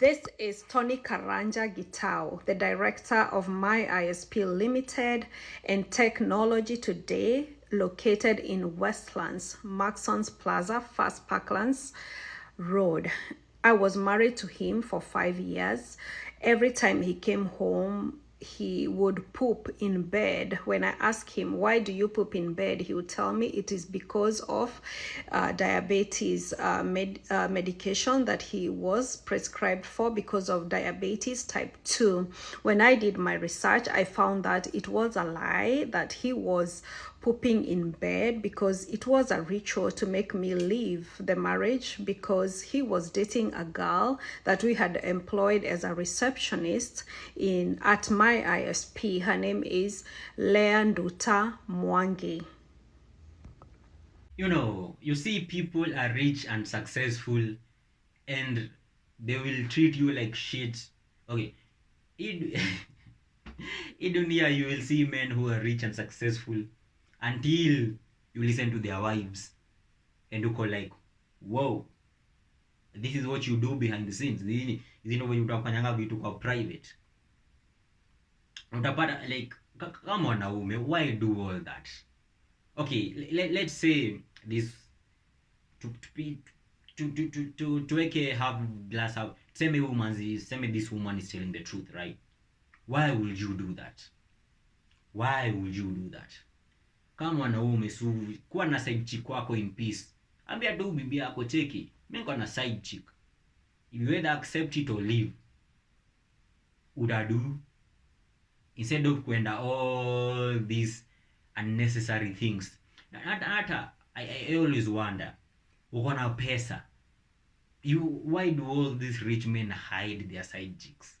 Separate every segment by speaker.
Speaker 1: This is Tony Karanja Gitao, the director of My ISP Limited and Technology Today, located in Westlands, Maxons Plaza, Fast Parklands Road. I was married to him for five years. Every time he came home, he would poop in bed when i ask him why do you poop in bed he would tell me it is because of uh, diabetes uh, med- uh, medication that he was prescribed for because of diabetes type 2 when i did my research i found that it was a lie that he was pooping in bed because it was a ritual to make me leave the marriage because he was dating a girl that we had employed as a receptionist in at my ISP. Her name is Leanduta Mwangi.
Speaker 2: You know, you see people are rich and successful and they will treat you like shit. Okay. in India, you will see men who are rich and successful until you listen to their wives and you call like wow this is what you do behind the scenes zini zini venye vitu kwa private utapata like kama wanaume why do all that okay let, let's say this tuweke half glass half tuseme woman this woman is telling the truth right why would you do that why would you do that kama mwanaume si kuwa na side chick wako in peace ambia tu bibi yako cheki mimi niko na side chick you either accept it or leave udadu instead of kuenda all these unnecessary things hata hata I, I always wonder uko na pesa you why do all these rich men hide their side chicks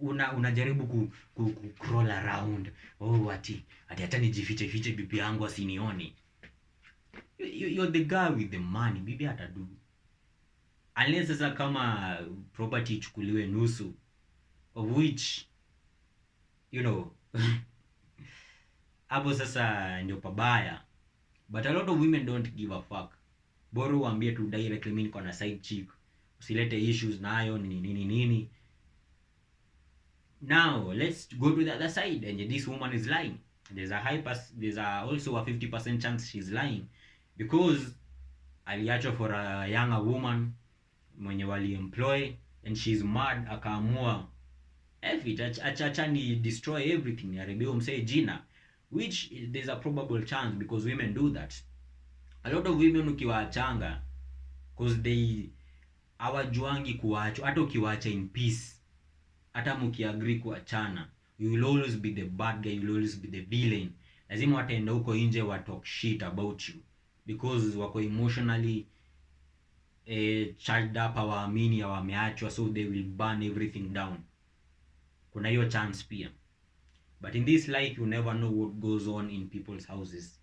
Speaker 2: una unajaribu ku, ku, ku crawl around oh wati ati hata nijifiche fiche bibi yangu asinioni you, you, you're the guy with the money bibi atadu unless sasa kama property ichukuliwe nusu of which you know hapo sasa ndio pabaya but a lot of women don't give a fuck bora uambie tu directly mimi niko na side chick usilete issues nayo nini nini nini Now let's go to the other side and this woman is lying. There's a high pass, there's a, also a 50% chance she's lying because aliachwa for a younger woman mwenye waliemploy and she's mad akaamua effort achacha ni destroy everything haribie msee jina which there's a probable chance because women do that a lot of women ukiwaachanga cause they hawajuangi kuachwa hata ukiwaacha in peace hata mkiagri kuachana you will always be the bad guy you will always be the villain lazima wataenda huko nje wa talk shit about you because wako emotionally eh, charged up awaamini wameachwa so they will burn everything down kuna hiyo chance pia but in this life you never know what goes on in people's houses